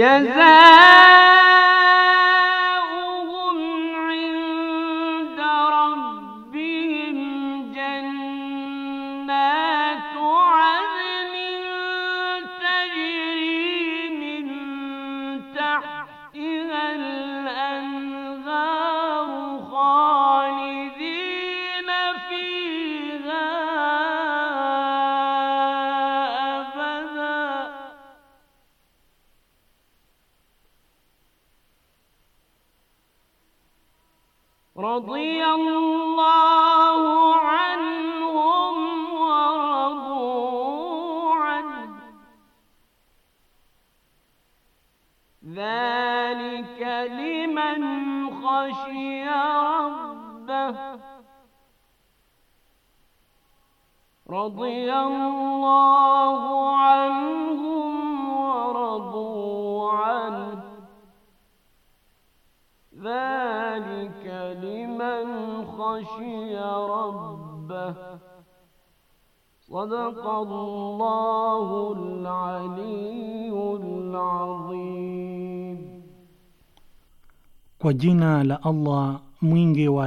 现在。رضي الله عنهم ورضوا عنه ذلك لمن خشي ربه صدق الله العلي العظيم kwa لالله la allah mwingi wa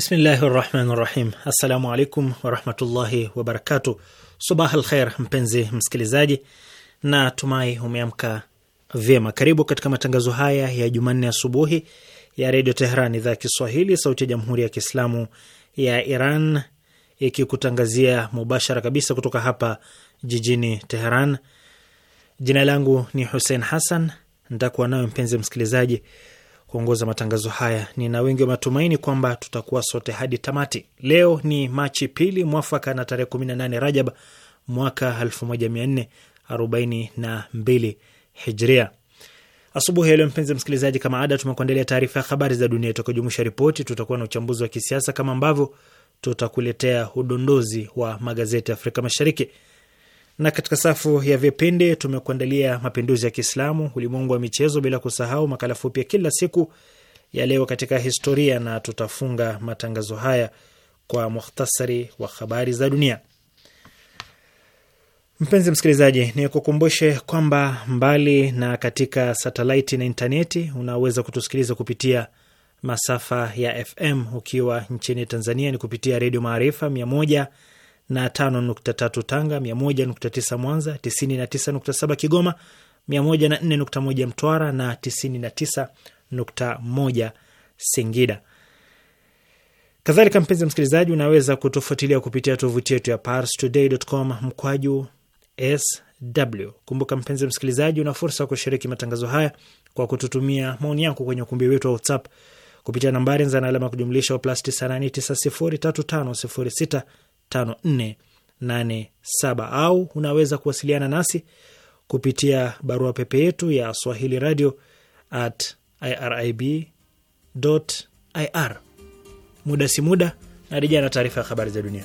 Bismillahi rahmani rahim. Assalamu alaikum warahmatullahi wabarakatu. Subah al mpenzi msikilizaji, na tumai umeamka vyema. Karibu katika matangazo haya ya Jumanne asubuhi ya Redio Tehran, idhaa ya Kiswahili, sauti ya Jamhuri ya Kiislamu ya Iran, ikikutangazia mubashara kabisa kutoka hapa jijini Teheran. Jina langu ni Hussein Hassan, nitakuwa nayo mpenzi msikilizaji kuongoza matangazo haya. Nina wengi wa matumaini kwamba tutakuwa sote hadi tamati. Leo ni Machi pili mwafaka na tarehe 18 Rajab mwaka 1442 Hijria. Asubuhi ya leo, mpenzi msikilizaji, kama ada, tumekuandalia taarifa ya habari za dunia itakayojumuisha ripoti. Tutakuwa na uchambuzi wa kisiasa kama ambavyo tutakuletea udondozi wa magazeti ya Afrika Mashariki na katika safu ya vipindi tumekuandalia mapinduzi ya Kiislamu, ulimwengu wa michezo, bila kusahau makala fupi ya kila siku ya leo katika historia, na tutafunga matangazo haya kwa muhtasari wa habari za dunia. Mpenzi msikilizaji, ni kukumbushe kwamba mbali na katika satelaiti na intaneti, unaweza kutusikiliza kupitia masafa ya FM. Ukiwa nchini Tanzania ni kupitia Redio Maarifa mia moja na tano nukta tatu Tanga, mia moja nukta tisa Mwanza, tisini na tisa nukta saba Kigoma, mia moja na nne nukta moja Mtwara na tisini na tisa nukta moja Singida. Kadhalika mpenzi msikilizaji, unaweza kutufuatilia kupitia tovuti yetu ya parstoday.com mkwaju sw. Kumbuka mpenzi msikilizaji, una fursa ya kushiriki matangazo haya kwa kututumia maoni yako kwenye ukumbi wetu wa WhatsApp kupitia nambari za na alama kujumlisha plus 98903506 5487 au unaweza kuwasiliana nasi kupitia barua pepe yetu ya Swahili radio at irib ir. Muda si muda na na taarifa ya habari za dunia.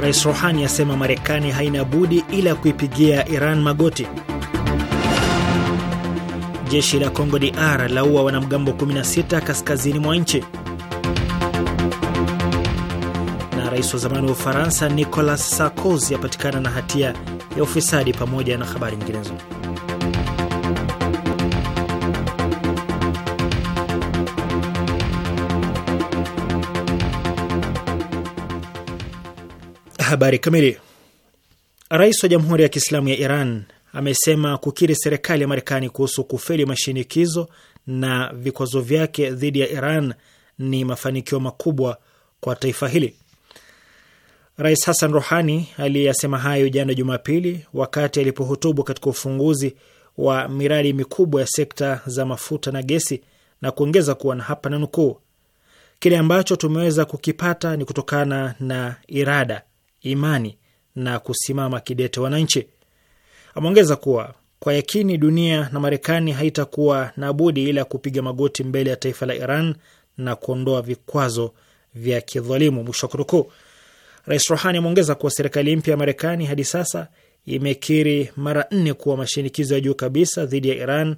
Rais Rohani asema Marekani haina budi ila kuipigia Iran magoti. Jeshi la Congo DR laua wanamgambo 16 kaskazini mwa nchi. Na rais wa zamani wa Ufaransa Nicolas Sarkozy apatikana na hatia ya ufisadi, pamoja na habari nyinginezo. Habari kamili. Rais wa Jamhuri ya Kiislamu ya Iran amesema kukiri serikali ya Marekani kuhusu kufeli mashinikizo na vikwazo vyake dhidi ya Iran ni mafanikio makubwa kwa taifa hili. Rais Hassan Rohani aliyasema hayo jana Jumapili wakati alipohutubu katika ufunguzi wa miradi mikubwa ya sekta za mafuta na gesi, na kuongeza kuwa na hapa na nukuu, kile ambacho tumeweza kukipata ni kutokana na irada imani na kusimama kidete wananchi. Ameongeza kuwa kwa yakini dunia na Marekani haitakuwa na budi ila kupiga magoti mbele ya taifa la Iran na kuondoa vikwazo vya kidhalimu, mwisho wa kunukuu. Rais Rohani ameongeza kuwa serikali mpya ya Marekani hadi sasa imekiri mara nne kuwa mashinikizo ya juu kabisa dhidi ya Iran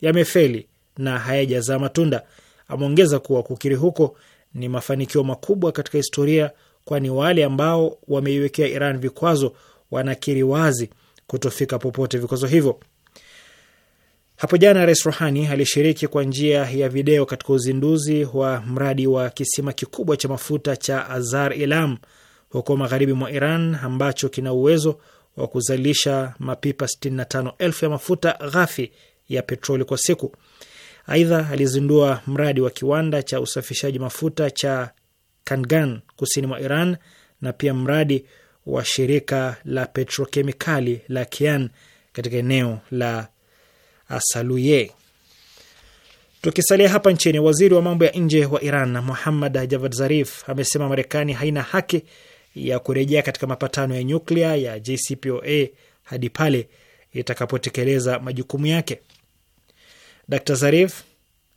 yamefeli na hayajazaa matunda. Ameongeza kuwa kukiri huko ni mafanikio makubwa katika historia kwani wale ambao wameiwekea Iran vikwazo wanakiri wazi kutofika popote vikwazo hivyo. Hapo jana Rais Rohani alishiriki kwa njia ya video katika uzinduzi wa mradi wa kisima kikubwa cha mafuta cha Azar ilam huko magharibi mwa Iran ambacho kina uwezo wa kuzalisha mapipa 65,000 ya mafuta ghafi ya petroli kwa siku. Aidha, alizindua mradi wa kiwanda cha usafishaji mafuta cha Kangan kusini mwa Iran na pia mradi wa shirika la petrokemikali la Kian katika eneo la Asaluye. Tukisalia hapa nchini, waziri wa mambo ya nje wa Iran Muhammad Javad Zarif amesema Marekani haina haki ya kurejea katika mapatano ya nyuklia ya JCPOA hadi pale itakapotekeleza majukumu yake. Dr Zarif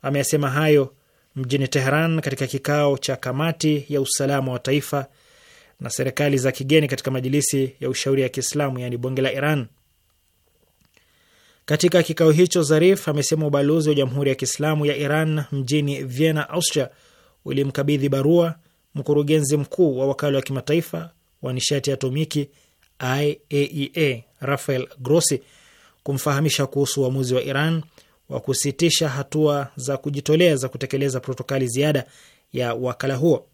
ameyasema hayo mjini Teheran katika kikao cha kamati ya usalama wa taifa na serikali za kigeni katika majilisi ya ushauri ya Kiislamu, yaani bunge la Iran. Katika kikao hicho, Zarif amesema ubalozi wa Jamhuri ya Kiislamu ya Iran mjini Vienna, Austria, ulimkabidhi barua mkurugenzi mkuu wa wakala wa kimataifa wa nishati ya atomiki IAEA e Rafael Grossi kumfahamisha kuhusu uamuzi wa Iran wa kusitisha hatua za kujitolea za kutekeleza protokali ziada ya wakala huo.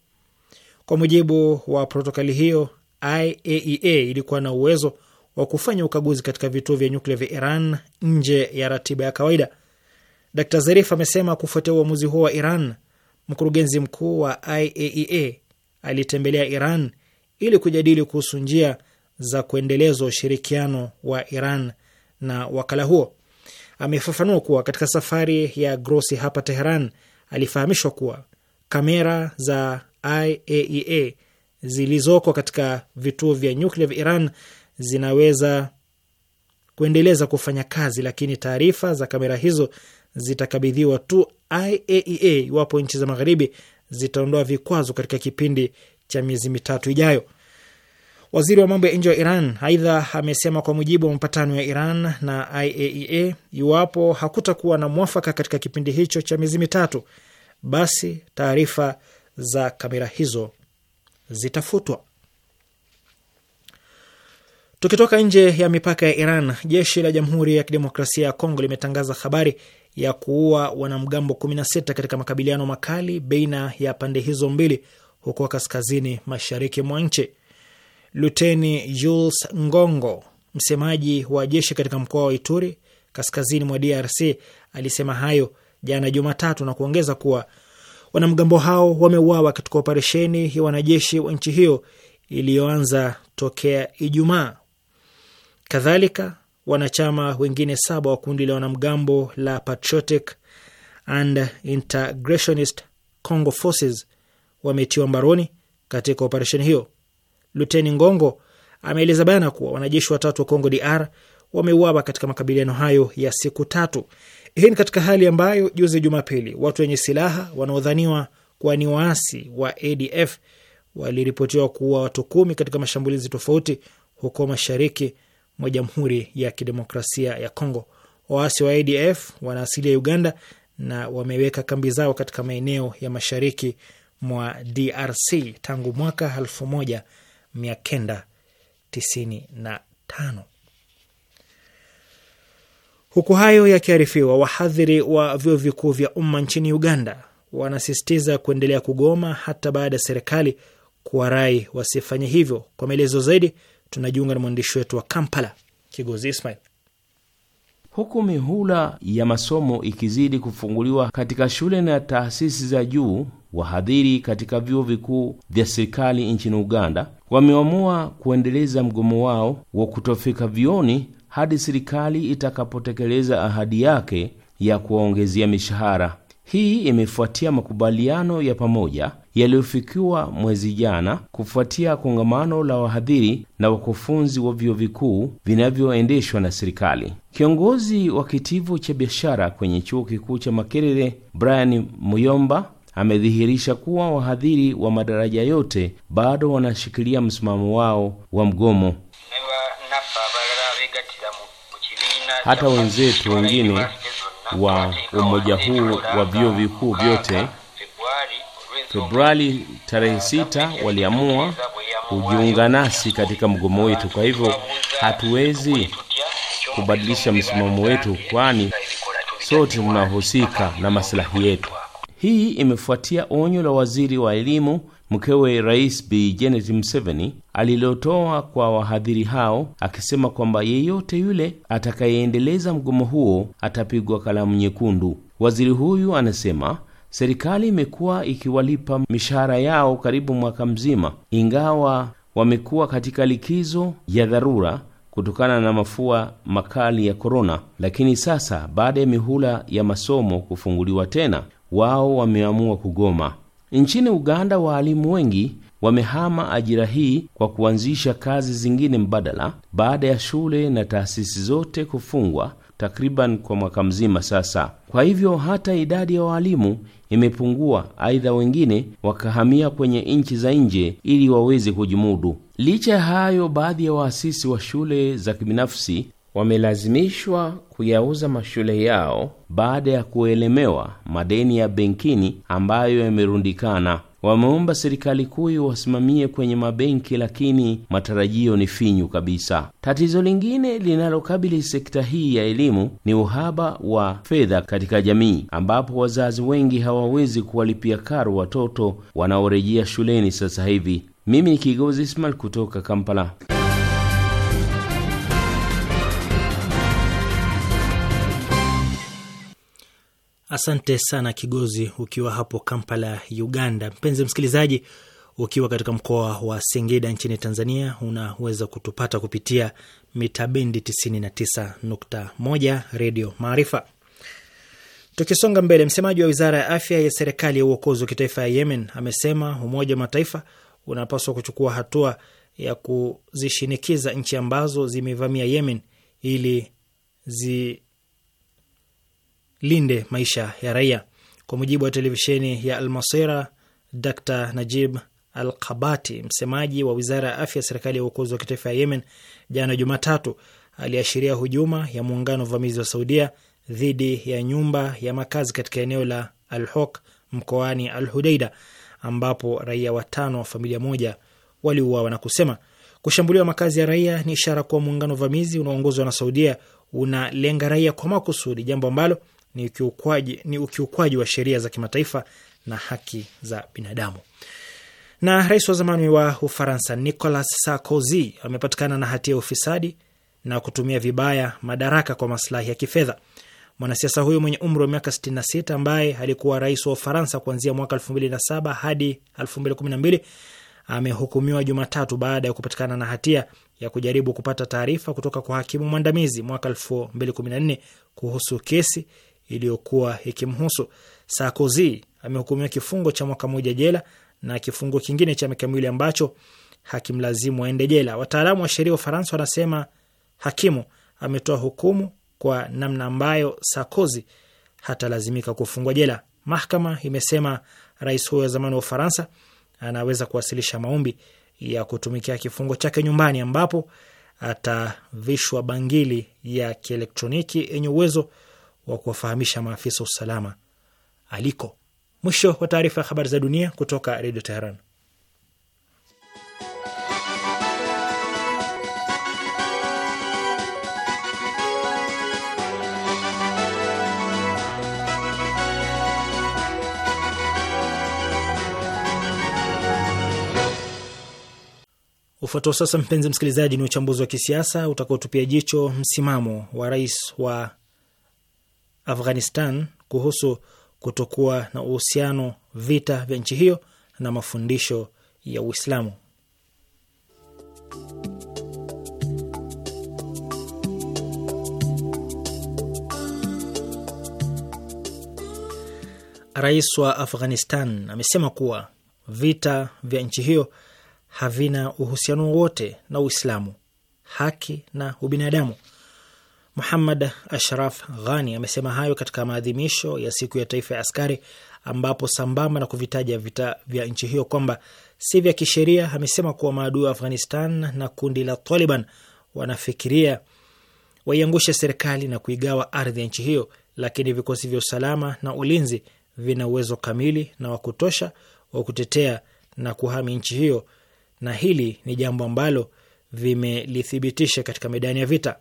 Kwa mujibu wa protokali hiyo, IAEA e ilikuwa na uwezo wa kufanya ukaguzi katika vituo vya nyuklia vya Iran nje ya ratiba ya kawaida. Dr Zarif amesema kufuatia uamuzi huo wa Iran, mkurugenzi mkuu wa IAEA e alitembelea Iran ili kujadili kuhusu njia za kuendeleza ushirikiano wa Iran na wakala huo amefafanua kuwa katika safari ya Grossi hapa Teheran alifahamishwa kuwa kamera za IAEA e zilizoko katika vituo vya nyuklia vya Iran zinaweza kuendeleza kufanya kazi, lakini taarifa za kamera hizo zitakabidhiwa tu IAEA e iwapo nchi za magharibi zitaondoa vikwazo katika kipindi cha miezi mitatu ijayo. Waziri wa mambo ya nje wa Iran aidha amesema kwa mujibu wa mapatano ya Iran na IAEA, e iwapo hakutakuwa na mwafaka katika kipindi hicho cha miezi mitatu, basi taarifa za kamera hizo zitafutwa. Tukitoka nje ya mipaka ya Iran, jeshi la Jamhuri ya Kidemokrasia ya Kongo limetangaza habari ya kuua wanamgambo 16 katika makabiliano makali baina ya pande hizo mbili huko kaskazini mashariki mwa nchi. Luteni Jules Ngongo, msemaji wa jeshi katika mkoa wa Ituri, kaskazini mwa DRC, alisema hayo jana Jumatatu na kuongeza kuwa wanamgambo hao wameuawa katika operesheni ya wanajeshi wa nchi hiyo iliyoanza tokea Ijumaa. Kadhalika, wanachama wengine saba wa kundi la wanamgambo la Patriotic and Integrationist Congo Forces wametiwa mbaroni katika operesheni hiyo. Luteni Ngongo ameeleza bayana kuwa wanajeshi watatu wa Kongo DR wameuawa katika makabiliano hayo ya siku tatu. Hii ni katika hali ambayo juzi Jumapili watu wenye silaha wanaodhaniwa kuwa ni waasi wa ADF waliripotiwa kuua watu kumi katika mashambulizi tofauti huko mashariki mwa Jamhuri ya Kidemokrasia ya Kongo. Waasi wa ADF wana asili ya Uganda na wameweka kambi zao katika maeneo ya mashariki mwa DRC tangu mwaka elfu moja mia kenda tisini na tano. Huku hayo yakiarifiwa, wahadhiri wa vyuo vikuu vya umma nchini Uganda wanasisitiza kuendelea kugoma hata baada ya serikali kuwarai wasifanye hivyo. Kwa maelezo zaidi, tunajiunga na mwandishi wetu wa Kampala, Kigozi Ismail huku mihula ya masomo ikizidi kufunguliwa katika shule na taasisi za juu, wahadhiri katika vyuo vikuu vya serikali nchini Uganda wameamua kuendeleza mgomo wao wa kutofika vioni hadi serikali itakapotekeleza ahadi yake ya kuwaongezea mishahara. Hii imefuatia makubaliano ya pamoja yaliyofikiwa mwezi jana kufuatia kongamano la wahadhiri na wakufunzi wa vyuo vikuu vinavyoendeshwa na serikali. Kiongozi wa kitivo cha biashara kwenye chuo kikuu cha Makerere, Brian Muyomba, amedhihirisha kuwa wahadhiri wa madaraja yote bado wanashikilia msimamo wao wa mgomo. Hata wenzetu wengine wa umoja huu wa vyuo vikuu vyote Februari tarehe ah, sita waliamua kujiunga nasi katika mgomo wetu. Kwa hivyo hatuwezi kubadilisha msimamo wetu, kwani sote tunahusika na maslahi yetu. Hii imefuatia onyo la waziri wa elimu mkewe Rais Bi Janet Museveni alilotoa kwa wahadhiri hao akisema kwamba yeyote yule atakayeendeleza mgomo huo atapigwa kalamu nyekundu. Waziri huyu anasema Serikali imekuwa ikiwalipa mishahara yao karibu mwaka mzima, ingawa wamekuwa katika likizo ya dharura kutokana na mafua makali ya korona. Lakini sasa baada ya mihula ya masomo kufunguliwa tena, wao wameamua kugoma. Nchini Uganda, waalimu wengi wamehama ajira hii kwa kuanzisha kazi zingine mbadala baada ya shule na taasisi zote kufungwa takriban kwa mwaka mzima sasa. Kwa hivyo hata idadi ya waalimu imepungua. Aidha, wengine wakahamia kwenye nchi za nje ili waweze kujimudu. Licha ya hayo, baadhi ya waasisi wa shule za kibinafsi wamelazimishwa kuyauza mashule yao baada ya kuelemewa madeni ya benkini ambayo yamerundikana wameomba serikali kuu iwasimamie kwenye mabenki, lakini matarajio ni finyu kabisa. Tatizo lingine linalokabili sekta hii ya elimu ni uhaba wa fedha katika jamii, ambapo wazazi wengi hawawezi kuwalipia karo watoto wanaorejea shuleni sasa hivi. Mimi ni Kigozi Ismail kutoka Kampala. Asante sana Kigozi, ukiwa hapo Kampala, Uganda. Mpenzi msikilizaji, ukiwa katika mkoa wa Singida nchini Tanzania, unaweza kutupata kupitia mita bendi 99.1 Redio Maarifa. Tukisonga mbele, msemaji wa wizara ya afya ya serikali ya uokozi wa kitaifa ya Yemen amesema Umoja wa Mataifa unapaswa kuchukua hatua ya kuzishinikiza nchi ambazo zimevamia Yemen ili zi linde maisha ya raia. Kwa mujibu wa televisheni ya Almasira, Dr Najib Al Kabati, msemaji wa wizara ya afya ya serikali ya uokozi wa kitaifa ya Yemen, jana Jumatatu aliashiria hujuma ya muungano wa uvamizi wa Saudia dhidi ya nyumba ya makazi katika eneo la Al Hok mkoani Al Hudaida, ambapo raia watano wa familia moja waliuawa na kusema kushambuliwa makazi ya raia ni ishara kuwa muungano wa uvamizi unaoongozwa na Saudia unalenga raia kwa makusudi, jambo ambalo ni ukiukwaji, ni ukiukwaji wa sheria za kimataifa na haki za binadamu. Na rais wa zamani wa Ufaransa Nicolas Sarkozy amepatikana na hatia ya ufisadi na kutumia vibaya madaraka kwa maslahi ya kifedha. Mwanasiasa huyo mwenye umri wa miaka 66 ambaye alikuwa rais wa Ufaransa kuanzia mwaka 2007 hadi 2012 amehukumiwa Jumatatu baada ya kupatikana na hatia ya kujaribu kupata taarifa kutoka kwa hakimu mwandamizi mwaka 2014 kuhusu kesi iliyokuwa ikimhusu. Sarkozy amehukumiwa kifungo cha mwaka mmoja jela na kifungo kingine cha miaka miwili ambacho hakimlazimu aende jela. Wataalamu wa sheria wa Ufaransa wanasema hakimu ametoa hukumu kwa namna ambayo Sarkozy hatalazimika kufungwa jela. Mahakama imesema rais huyo wa zamani wa Ufaransa anaweza kuwasilisha maombi ya kutumikia kifungo chake nyumbani, ambapo atavishwa bangili ya kielektroniki yenye uwezo wa kuwafahamisha maafisa usalama aliko. Mwisho wa taarifa ya habari za dunia kutoka Redio Teheran. Ufuatao sasa, mpenzi msikilizaji, ni uchambuzi wa kisiasa utakaotupia jicho msimamo wa rais wa Afghanistan kuhusu kutokuwa na uhusiano vita vya nchi hiyo na mafundisho ya Uislamu. Rais wa Afghanistan amesema kuwa vita vya nchi hiyo havina uhusiano wowote na Uislamu, haki na ubinadamu. Muhammad Ashraf Ghani amesema hayo katika maadhimisho ya siku ya taifa ya askari, ambapo sambamba na kuvitaja vita vya nchi hiyo kwamba si vya kisheria, amesema kuwa maadui wa Afghanistan na kundi la Taliban wanafikiria waiangushe serikali na kuigawa ardhi ya nchi hiyo, lakini vikosi vya usalama na ulinzi vina uwezo kamili na wa kutosha wa kutetea na kuhami nchi hiyo, na hili ni jambo ambalo vimelithibitisha katika medani ya vita.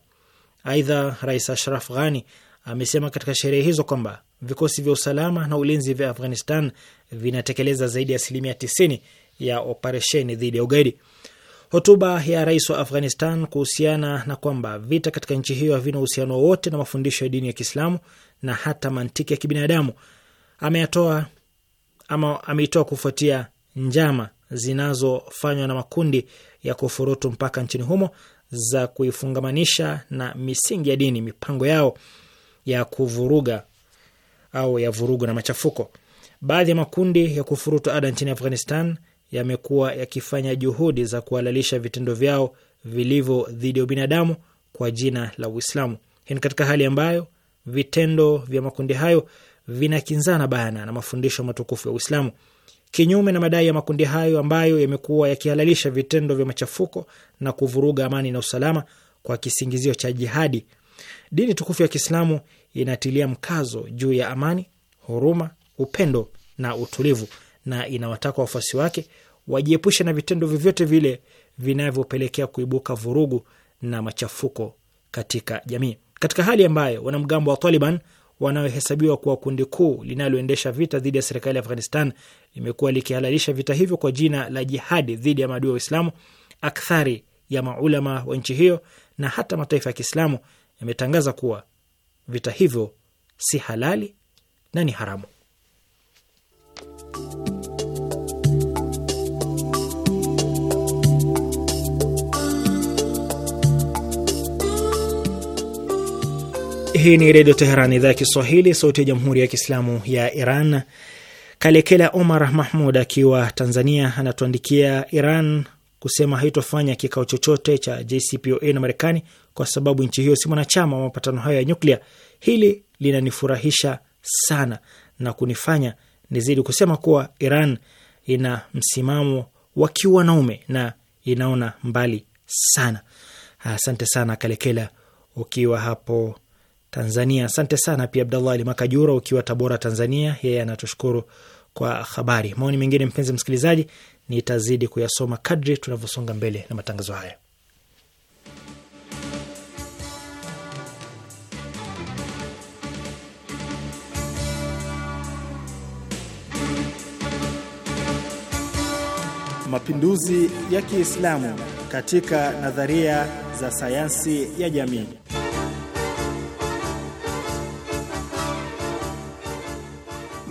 Aidha, Rais Ashraf Ghani amesema katika sherehe hizo kwamba vikosi vya usalama na ulinzi vya Afghanistan vinatekeleza zaidi ya asilimia 90 ya operesheni dhidi ya ugaidi. Hotuba ya rais wa Afghanistan kuhusiana na kwamba vita katika nchi hiyo havina uhusiano wowote na mafundisho ya dini ya Kiislamu na hata mantiki ya kibinadamu ameyatoa ama ameitoa kufuatia njama zinazofanywa na makundi ya kufurutu mpaka nchini humo za kuifungamanisha na misingi ya dini mipango yao ya kuvuruga au ya vurugu na machafuko. Baadhi ya makundi ya kufurutu ada nchini Afghanistan yamekuwa yakifanya juhudi za kuhalalisha vitendo vyao vilivyo dhidi ya ubinadamu kwa jina la Uislamu. Hii ni katika hali ambayo vitendo vya makundi hayo vinakinzana bayana na mafundisho matukufu ya Uislamu. Kinyume na madai ya makundi hayo ambayo yamekuwa yakihalalisha vitendo vya machafuko na kuvuruga amani na usalama kwa kisingizio cha jihadi, dini tukufu ya Kiislamu inatilia mkazo juu ya amani, huruma, upendo na utulivu, na inawataka wafuasi wake wajiepushe na vitendo vyovyote vile vinavyopelekea kuibuka vurugu na machafuko katika jamii. Katika hali ambayo wanamgambo wa Taliban wanaohesabiwa kuwa kundi kuu linaloendesha vita dhidi ya serikali ya Afghanistan limekuwa likihalalisha vita hivyo kwa jina la jihadi dhidi ya maadui wa Uislamu. Akthari ya maulama wa nchi hiyo na hata mataifa ya Kiislamu yametangaza kuwa vita hivyo si halali na ni haramu. Hii ni Redio Teheran, idhaa ya Kiswahili, sauti ya Jamhuri ya Kiislamu ya Iran. Kalekela Omar Mahmud akiwa Tanzania anatuandikia Iran kusema haitofanya kikao chochote cha JCPOA na Marekani kwa sababu nchi hiyo si mwanachama wa mapatano hayo ya nyuklia. Hili linanifurahisha sana na kunifanya nizidi kusema kuwa Iran ina msimamo wa kiwanaume na inaona mbali sana. Asante sana Kalekela ukiwa hapo Tanzania. Asante sana pia Abdallah Ali Makajura ukiwa Tabora, Tanzania, yeye anatushukuru kwa habari. Maoni mengine, mpenzi msikilizaji, nitazidi kuyasoma kadri tunavyosonga mbele na matangazo haya. Mapinduzi ya Kiislamu katika nadharia za sayansi ya jamii.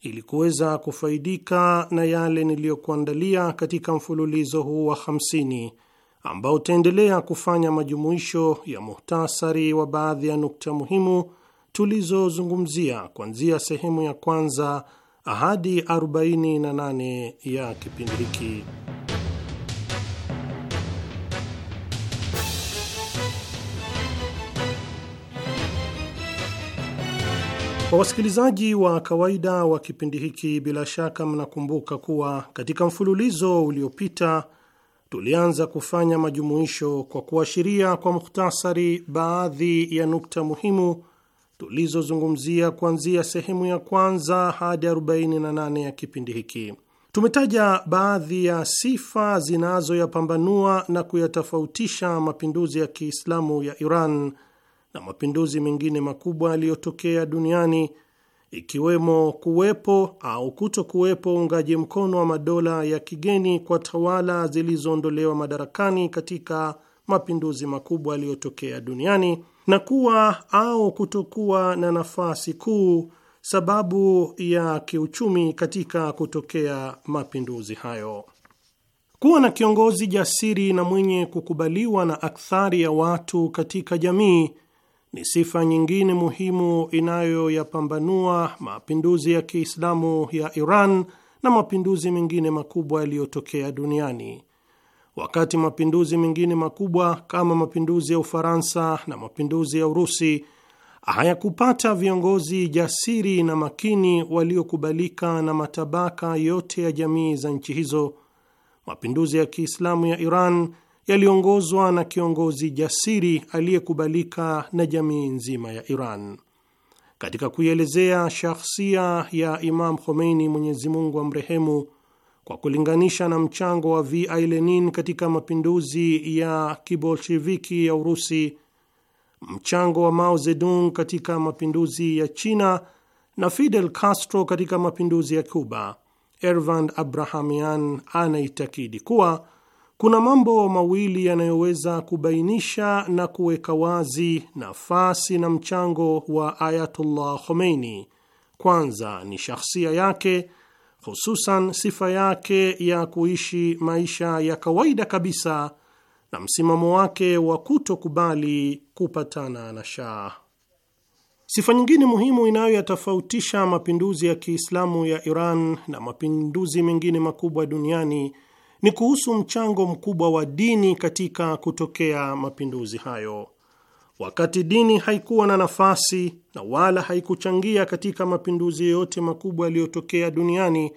ili kuweza kufaidika na yale niliyokuandalia katika mfululizo huu wa 50 ambao utaendelea kufanya majumuisho ya muhtasari wa baadhi ya nukta muhimu tulizozungumzia kuanzia sehemu ya kwanza hadi 48 ya kipindi hiki. Kwa wasikilizaji wa kawaida wa kipindi hiki, bila shaka mnakumbuka kuwa katika mfululizo uliopita tulianza kufanya majumuisho kwa kuashiria kwa mukhtasari baadhi ya nukta muhimu tulizozungumzia kuanzia sehemu ya kwanza hadi 48 ya kipindi hiki. Tumetaja baadhi ya sifa zinazoyapambanua na kuyatofautisha mapinduzi ya Kiislamu ya Iran na mapinduzi mengine makubwa yaliyotokea duniani ikiwemo kuwepo au kutokuwepo uungaji mkono wa madola ya kigeni kwa tawala zilizoondolewa madarakani katika mapinduzi makubwa yaliyotokea duniani na kuwa au kutokuwa na nafasi kuu sababu ya kiuchumi katika kutokea mapinduzi hayo. Kuwa na kiongozi jasiri na mwenye kukubaliwa na akthari ya watu katika jamii ni sifa nyingine muhimu inayoyapambanua mapinduzi ya Kiislamu ya Iran na mapinduzi mengine makubwa yaliyotokea duniani. Wakati mapinduzi mengine makubwa kama mapinduzi ya Ufaransa na mapinduzi ya Urusi hayakupata viongozi jasiri na makini waliokubalika na matabaka yote ya jamii za nchi hizo, mapinduzi ya Kiislamu ya Iran yaliongozwa na kiongozi jasiri aliyekubalika na jamii nzima ya Iran. Katika kuielezea shahsia ya Imam Khomeini, Mwenyezi Mungu amrehemu, kwa kulinganisha na mchango wa V.I. Lenin katika mapinduzi ya kibolsheviki ya Urusi, mchango wa Mao Zedong katika mapinduzi ya China na Fidel Castro katika mapinduzi ya Cuba, Ervand Abrahamian anaitakidi kuwa kuna mambo mawili yanayoweza kubainisha na kuweka wazi nafasi na mchango wa Ayatullah Khomeini. Kwanza ni shahsia yake, hususan sifa yake ya kuishi maisha ya kawaida kabisa na msimamo wake wa kutokubali kupatana na Shah. Sifa nyingine muhimu inayoyatofautisha mapinduzi ya Kiislamu ya Iran na mapinduzi mengine makubwa duniani ni kuhusu mchango mkubwa wa dini katika kutokea mapinduzi hayo. Wakati dini haikuwa na nafasi na wala haikuchangia katika mapinduzi yoyote makubwa yaliyotokea duniani,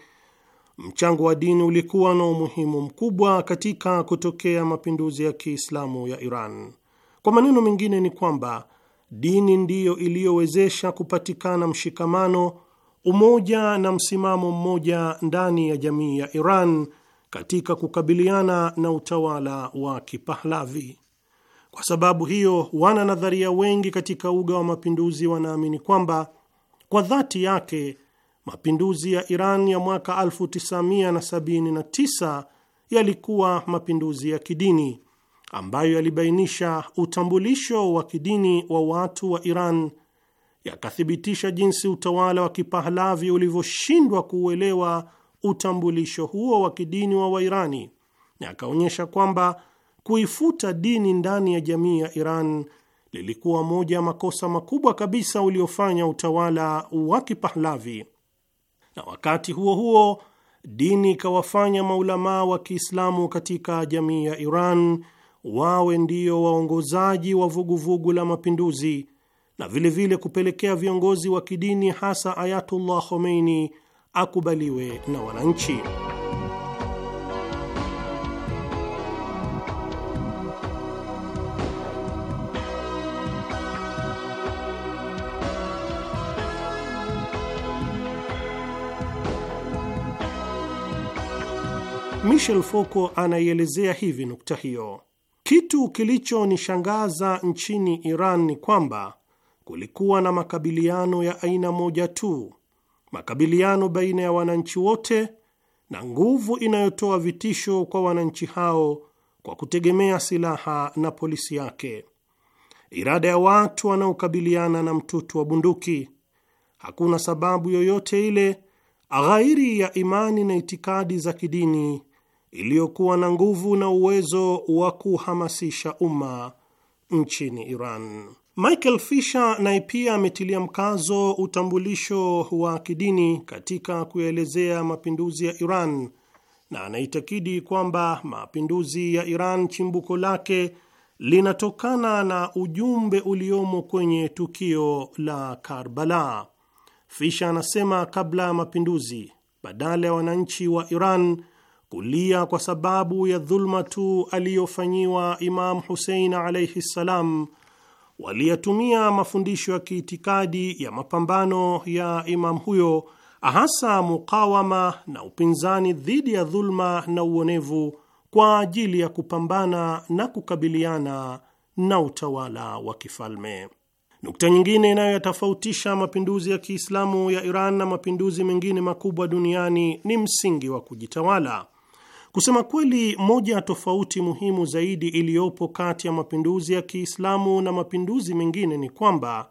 mchango wa dini ulikuwa na umuhimu mkubwa katika kutokea mapinduzi ya Kiislamu ya Iran. Kwa maneno mengine, ni kwamba dini ndiyo iliyowezesha kupatikana mshikamano, umoja na msimamo mmoja ndani ya jamii ya Iran katika kukabiliana na utawala wa Kipahlavi. Kwa sababu hiyo, wana nadharia wengi katika uga wa mapinduzi wanaamini kwamba kwa dhati yake mapinduzi ya Iran ya mwaka 1979 yalikuwa mapinduzi ya kidini ambayo yalibainisha utambulisho wa kidini wa watu wa Iran, yakathibitisha jinsi utawala wa Kipahlavi ulivyoshindwa kuuelewa utambulisho huo wa kidini wa Wairani na akaonyesha kwamba kuifuta dini ndani ya jamii ya Iran lilikuwa moja ya makosa makubwa kabisa uliofanya utawala wa Kipahlavi, na wakati huo huo dini ikawafanya maulamaa wa Kiislamu katika jamii ya Iran wawe ndio waongozaji wa vuguvugu vugu la mapinduzi na vilevile vile kupelekea viongozi wa kidini hasa Ayatullah Khomeini akubaliwe na wananchi. Michel Foucault anaielezea hivi nukta hiyo: kitu kilichonishangaza nchini Iran ni kwamba kulikuwa na makabiliano ya aina moja tu makabiliano baina ya wananchi wote na nguvu inayotoa vitisho kwa wananchi hao kwa kutegemea silaha na polisi yake, irada ya watu wanaokabiliana na mtutu wa bunduki. Hakuna sababu yoyote ile ghairi ya imani na itikadi za kidini iliyokuwa na nguvu na uwezo wa kuhamasisha umma nchini Iran. Michael Fisher naye pia ametilia mkazo utambulisho wa kidini katika kuelezea mapinduzi ya Iran na anaitakidi kwamba mapinduzi ya Iran chimbuko lake linatokana na ujumbe uliomo kwenye tukio la Karbala. Fisher anasema kabla ya mapinduzi, badala ya wananchi wa Iran kulia kwa sababu ya dhulma tu aliyofanyiwa Imam Husein alaihi ssalam waliyatumia mafundisho ya kiitikadi ya mapambano ya imamu huyo, hasa mukawama na upinzani dhidi ya dhulma na uonevu kwa ajili ya kupambana na kukabiliana na utawala wa kifalme. Nukta nyingine inayoyatofautisha mapinduzi ya Kiislamu ya Iran na mapinduzi mengine makubwa duniani ni msingi wa kujitawala. Kusema kweli, moja ya tofauti muhimu zaidi iliyopo kati ya mapinduzi ya Kiislamu na mapinduzi mengine ni kwamba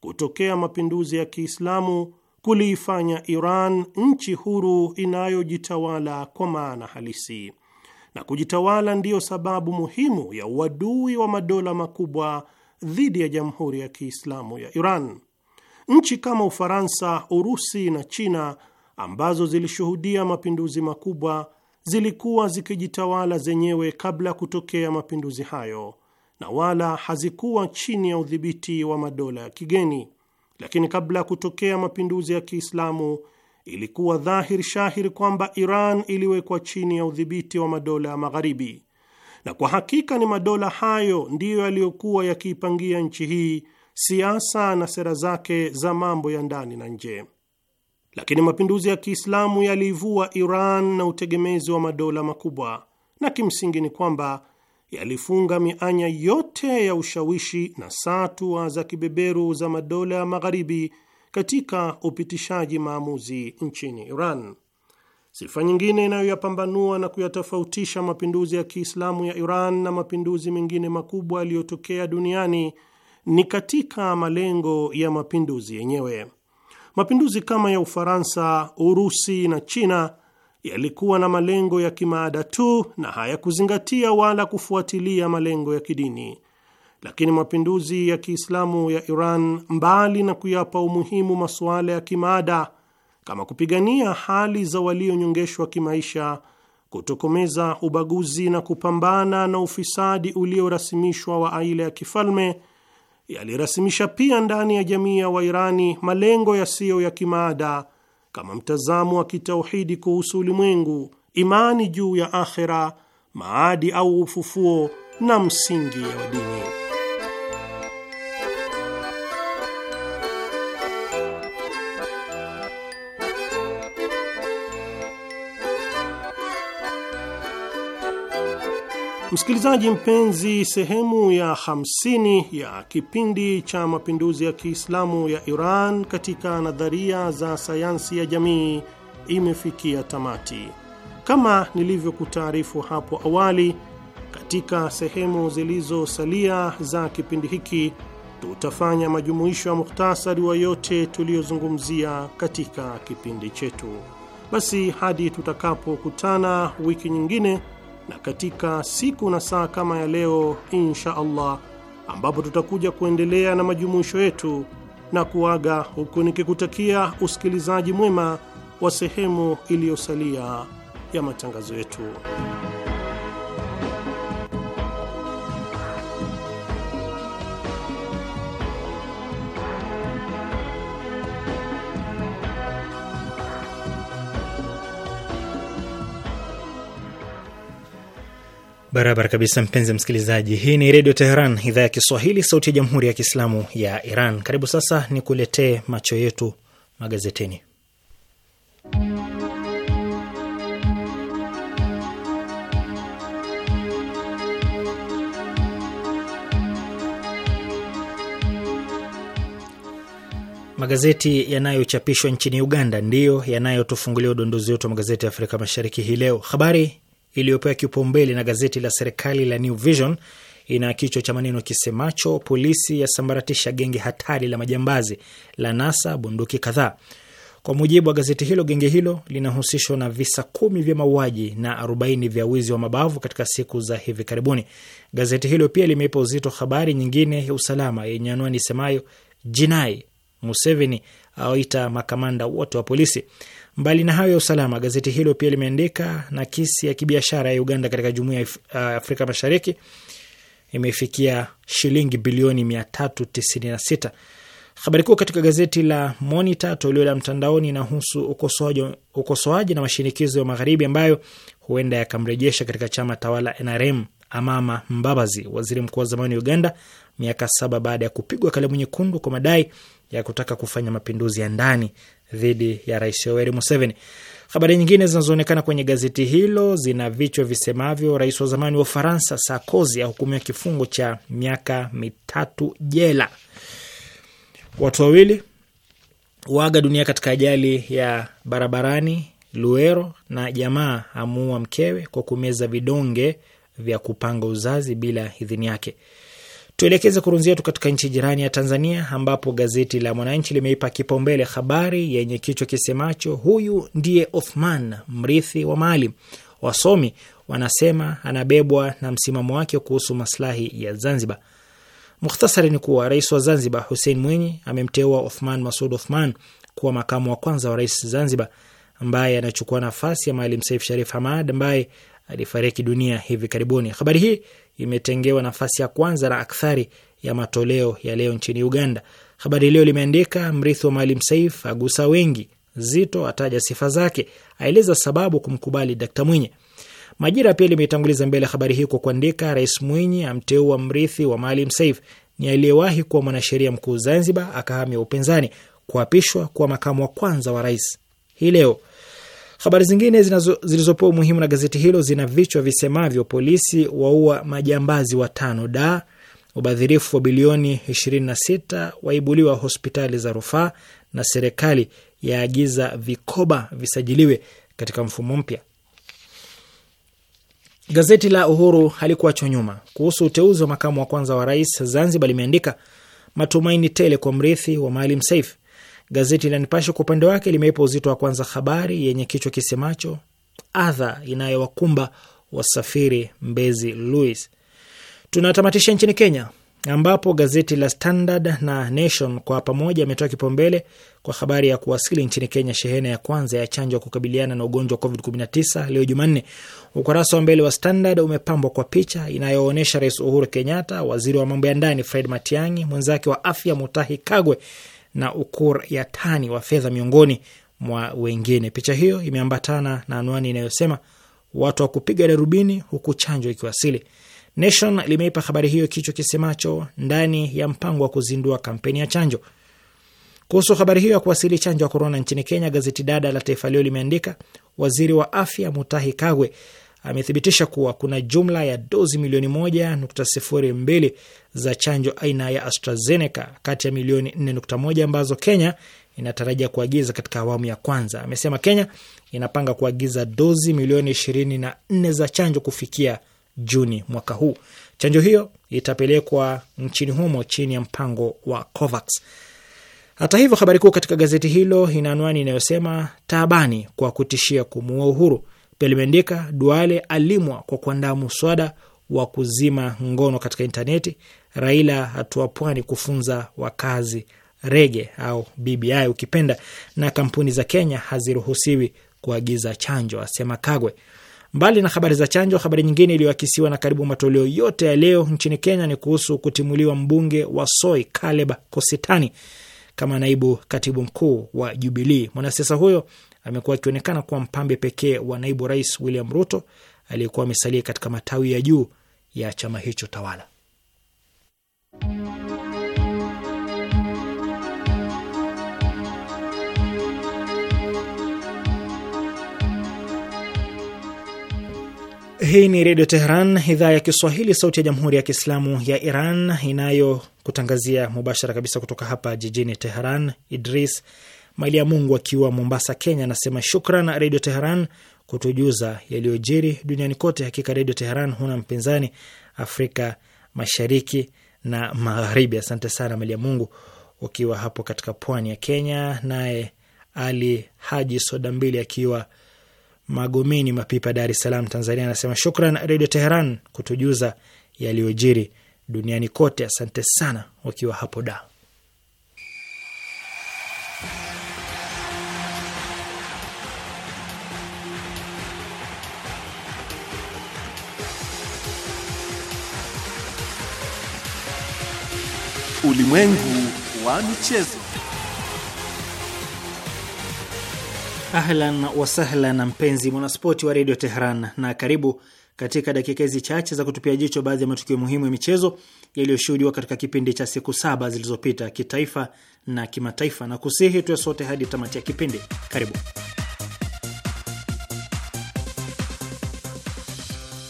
kutokea mapinduzi ya Kiislamu kuliifanya Iran nchi huru inayojitawala kwa maana halisi, na kujitawala ndiyo sababu muhimu ya uadui wa madola makubwa dhidi ya Jamhuri ya Kiislamu ya Iran. Nchi kama Ufaransa, Urusi na China ambazo zilishuhudia mapinduzi makubwa zilikuwa zikijitawala zenyewe kabla ya kutokea mapinduzi hayo na wala hazikuwa chini ya udhibiti wa madola ya kigeni, lakini kabla ya kutokea mapinduzi ya Kiislamu ilikuwa dhahir shahir kwamba Iran iliwekwa chini ya udhibiti wa madola ya Magharibi, na kwa hakika ni madola hayo ndiyo yaliyokuwa yakiipangia nchi hii siasa na sera zake za mambo ya ndani na nje lakini mapinduzi ya Kiislamu yaliivua Iran na utegemezi wa madola makubwa, na kimsingi ni kwamba yalifunga mianya yote ya ushawishi na satua za kibeberu za madola ya Magharibi katika upitishaji maamuzi nchini Iran. Sifa nyingine inayoyapambanua na kuyatofautisha mapinduzi ya Kiislamu ya Iran na mapinduzi mengine makubwa yaliyotokea duniani ni katika malengo ya mapinduzi yenyewe. Mapinduzi kama ya Ufaransa, Urusi na China yalikuwa na malengo ya kimaada tu na hayakuzingatia wala kufuatilia malengo ya kidini, lakini mapinduzi ya Kiislamu ya Iran, mbali na kuyapa umuhimu masuala ya kimaada kama kupigania hali za walionyongeshwa kimaisha, kutokomeza ubaguzi na kupambana na ufisadi uliorasimishwa wa aila ya kifalme yalirasimisha pia ndani ya jamii ya Wairani malengo yasiyo ya kimaada kama mtazamo wa kitauhidi kuhusu ulimwengu, imani juu ya akhera, maadi au ufufuo na msingi wa dini. Msikilizaji mpenzi, sehemu ya 50 ya kipindi cha mapinduzi ya Kiislamu ya Iran katika nadharia za sayansi ya jamii imefikia tamati. Kama nilivyokutaarifu hapo awali, katika sehemu zilizosalia za kipindi hiki tutafanya majumuisho ya muhtasari wa yote tuliyozungumzia katika kipindi chetu. Basi hadi tutakapokutana wiki nyingine na katika siku na saa kama ya leo insha Allah, ambapo tutakuja kuendelea na majumuisho yetu na kuaga huku nikikutakia usikilizaji mwema wa sehemu iliyosalia ya matangazo yetu. Barabara kabisa, mpenzi msikilizaji, hii ni Redio Teheran, idhaa ya Kiswahili, sauti ya Jamhuri ya Kiislamu ya Iran. Karibu sasa ni kuletee macho yetu magazeteni. Magazeti yanayochapishwa nchini Uganda ndiyo yanayotufungulia udondozi wetu wa magazeti ya Afrika Mashariki hii leo. Habari iliyopewa kipaumbele na gazeti la serikali la New Vision ina kichwa cha maneno kisemacho polisi yasambaratisha genge hatari la majambazi la nasa bunduki kadhaa. Kwa mujibu wa gazeti hilo, genge hilo linahusishwa na visa kumi vya mauaji na arobaini vya wizi wa mabavu katika siku za hivi karibuni. Gazeti hilo pia limeipa uzito habari nyingine ya usalama yenye anwani isemayo jinai, Museveni awaita makamanda wote wa polisi. Mbali na hayo ya usalama, gazeti hilo pia limeandika na kisi ya kibiashara ya Uganda katika jumuiya ya uh, Afrika Mashariki imefikia shilingi bilioni 396. Habari kuu katika gazeti la Monitor toleo la mtandaoni inahusu ukosoaji, ukosoaji na mashinikizo ya magharibi ambayo huenda yakamrejesha katika chama tawala NRM Amama Mbabazi, waziri mkuu wa zamani wa Uganda, miaka saba baada ya kupigwa kalamu nyekundu kwa madai ya kutaka kufanya mapinduzi ya ndani dhidi ya Rais Yoweri Museveni. Habari nyingine zinazoonekana kwenye gazeti hilo zina vichwa visemavyo: rais wa zamani wa Ufaransa Sarkozy ahukumiwa kifungo cha miaka mitatu jela, watu wawili waaga dunia katika ajali ya barabarani Luero, na jamaa amuua mkewe kwa kumeza vidonge vya kupanga uzazi bila idhini yake. Tuelekeze kurunzi yetu katika nchi jirani ya Tanzania, ambapo gazeti la Mwananchi limeipa kipaumbele habari yenye kichwa kisemacho huyu ndiye Othman mrithi wa Maalim. Wasomi wanasema anabebwa na msimamo wake kuhusu maslahi ya Zanzibar. Mukhtasari ni kuwa rais wa Zanzibar Hussein Mwinyi amemteua Othman Masud Othman kuwa makamu wa kwanza wa rais Zanzibar, ambaye anachukua nafasi ya Maalim Saif Sharif Hamad ambaye alifariki dunia hivi karibuni. Habari hii imetengewa nafasi ya kwanza na akthari ya matoleo ya leo nchini Uganda. Habari Leo limeandika mrithi wa Maalim Saif agusa wengi, Zito ataja sifa zake, aeleza sababu kumkubali Dkt Mwinyi. Majira pia limetanguliza mbele habari hii kwa kuandika, Rais Mwinyi amteua mrithi wa Maalim Saif, ni aliyewahi kuwa mwanasheria mkuu Zanzibar, akahamia upinzani, kuapishwa kuwa makamu wa kwanza wa rais hii leo. Habari zingine zilizopewa umuhimu na gazeti hilo zina vichwa visemavyo: polisi waua majambazi watano da, ubadhirifu wa bilioni 26 waibuliwa hospitali za rufaa, na serikali yaagiza vikoba visajiliwe katika mfumo mpya. Gazeti la Uhuru halikuachwa nyuma. Kuhusu uteuzi wa makamu wa kwanza wa rais Zanzibar limeandika matumaini tele kwa mrithi wa Maalim Seif Gazeti la Nipashe kwa upande wake limeipa uzito wa kwanza habari yenye kichwa kisemacho adha inayowakumba wasafiri Mbezi Louis. Tunatamatisha nchini Kenya ambapo gazeti la Standard na Nation kwa pamoja ametoa kipaumbele kwa habari ya kuwasili nchini Kenya shehena ya kwanza ya chanjo ya kukabiliana na ugonjwa wa COVID-19 leo Jumanne. Ukurasa wa mbele wa Standard umepambwa kwa picha inayoonyesha Rais Uhuru Kenyatta, waziri wa mambo ya ndani Fred Matiang'i, mwenzake wa afya Mutahi Kagwe na ukur ya tani wa fedha miongoni mwa wengine. Picha hiyo imeambatana na anwani inayosema watu wa kupiga darubini huku chanjo ikiwasili. Nation limeipa habari hiyo kichwa kisemacho ndani ya mpango wa kuzindua kampeni ya chanjo. Kuhusu habari hiyo ya kuwasili chanjo ya korona nchini Kenya, gazeti dada la Taifa Leo limeandika waziri wa afya Mutahi Kagwe amethibitisha kuwa kuna jumla ya dozi milioni moja nukta sifuri mbili za chanjo aina ya AstraZeneca kati ya milioni 4.1 ambazo Kenya inatarajia kuagiza katika awamu ya kwanza. Amesema Kenya inapanga kuagiza dozi milioni 24 za chanjo kufikia Juni mwaka huu. Chanjo hiyo itapelekwa nchini humo chini ya mpango wa COVAX. Hata hivyo, habari kuu katika gazeti hilo ina anwani inayosema taabani kwa kutishia kumuua Uhuru. Pia limeandika Duale alimwa kwa kuandaa muswada wa kuzima ngono katika intaneti. Raila hatua pwani kufunza wakazi rege au BBI ukipenda, na kampuni za Kenya haziruhusiwi kuagiza chanjo, asema Kagwe. Mbali na habari za chanjo, habari nyingine iliyoakisiwa na karibu matoleo yote ya leo nchini Kenya ni kuhusu kutimuliwa mbunge wa Soi Kaleb Kositani kama naibu katibu mkuu wa jubilii Mwanasiasa huyo amekuwa akionekana kuwa mpambe pekee wa naibu rais William Ruto aliyekuwa amesalia katika matawi ya juu ya chama hicho tawala. Hii ni Redio Teheran, idhaa ya Kiswahili, sauti ya Jamhuri ya Kiislamu ya Iran inayokutangazia mubashara kabisa kutoka hapa jijini Teheran. Idris Mali ya Mungu akiwa Mombasa, Kenya, anasema shukran Redio Teheran kutujuza yaliyojiri duniani kote. Hakika Redio Teheran huna mpinzani Afrika Mashariki na Magharibi. Asante sana Mali ya Mungu ukiwa hapo katika pwani ya Kenya. Naye Ali Haji Soda Mbili akiwa Magomeni Mapipa, Dar es Salaam, Tanzania, anasema shukran Redio Teheran kutujuza yaliyojiri duniani kote. Asante sana wakiwa hapo da Ulimwengu wa michezo. Ahlan na mpenzi mwanaspoti wa redio Tehran, na karibu katika dakika hizi chache za kutupia jicho baadhi ya matukio muhimu ya michezo yaliyoshuhudiwa katika kipindi cha siku saba zilizopita kitaifa na kimataifa, na kusihi tuwe sote hadi tamati ya kipindi. Karibu.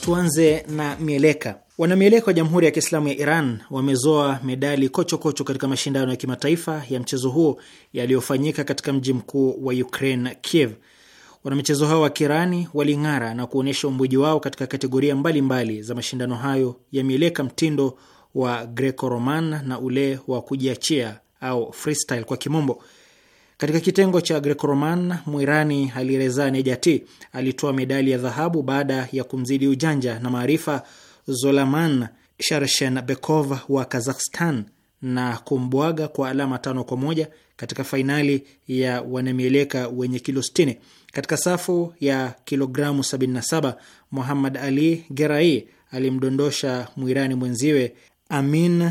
Tuanze na mieleka. Wanamieleka wa Jamhuri ya Kiislamu ya Iran wamezoa medali kochokocho kocho katika mashindano ya kimataifa ya mchezo huo yaliyofanyika katika mji mkuu wa Ukraine, Kiev. Wanamichezo hao wa Kirani waling'ara na kuonyesha umbuji wao katika kategoria mbalimbali mbali za mashindano hayo ya mieleka mtindo wa Greco-Roman na ule wa kujiachia au freestyle kwa kimombo. Katika kitengo cha Greco-Roman, Mwirani Alireza Nejati alitoa medali ya dhahabu baada ya kumzidi ujanja na maarifa Zolaman Sharshenbekov wa Kazakhstan na kumbwaga kwa alama tano kwa moja katika fainali ya wanamieleka wenye kilo 60. Katika safu ya kilogramu 77, Muhammad Ali Gerai alimdondosha mwirani mwenziwe Amin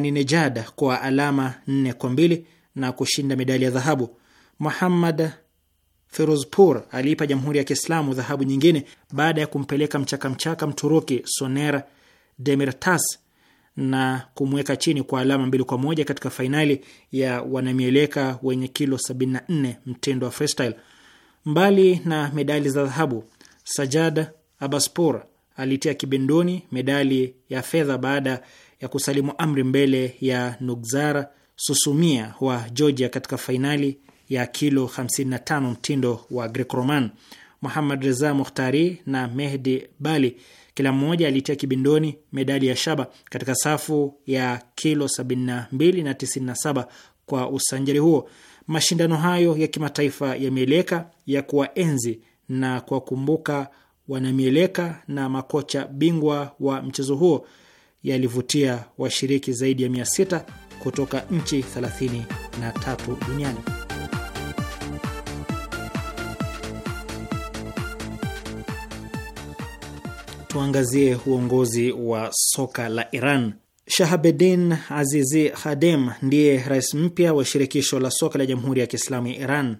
nejad kwa alama 4 kwa mbili na kushinda medali ya dhahabu. Muhammad Firozpur aliipa Jamhuri ya Kiislamu dhahabu nyingine baada ya kumpeleka mchakamchaka Mturuki Soner Demirtas na kumweka chini kwa alama mbili kwa moja katika fainali ya wanamieleka wenye kilo 74 mtindo wa freestyle. Mbali na medali za dhahabu, Sajad Abaspor alitia kibindoni medali ya fedha baada ya kusalimu amri mbele ya Nugzar Susumia wa Georgia katika fainali ya kilo 55 mtindo wa Greco-Roman. Muhammad Reza Mukhtari na Mehdi Bali kila mmoja alitia kibindoni medali ya shaba katika safu ya kilo 72 na 97 kwa usanjari huo. Mashindano hayo ya kimataifa ya mieleka ya kuwaenzi na kuwakumbuka wanamieleka na makocha bingwa wa mchezo huo yalivutia washiriki zaidi ya 600 kutoka nchi 33 duniani. tuangazie uongozi wa soka la Iran. Shahabedin Azizi Khadem ndiye rais mpya wa shirikisho la soka la Jamhuri ya Kiislamu ya Iran.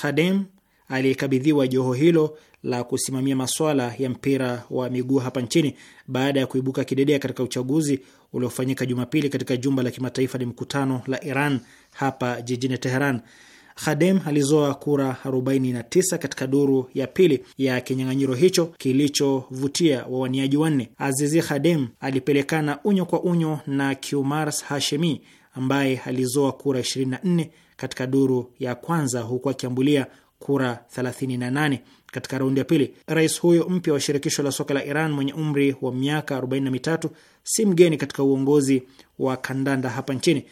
Khadem aliyekabidhiwa joho hilo la kusimamia maswala ya mpira wa miguu hapa nchini baada ya kuibuka kidedea katika uchaguzi uliofanyika Jumapili katika jumba la kimataifa la mkutano la Iran hapa jijini Teheran. Khadem alizoa kura 49 katika duru ya pili ya kinyang'anyiro hicho kilichovutia wawaniaji wanne. Azizi Khadem alipelekana unyo kwa unyo na Kiumars Hashemi ambaye alizoa kura 24 katika duru ya kwanza huku akiambulia kura 38 katika raundi ya pili. Rais huyo mpya wa shirikisho la soka la Iran mwenye umri wa miaka 43 si mgeni katika uongozi wa kandanda hapa nchini.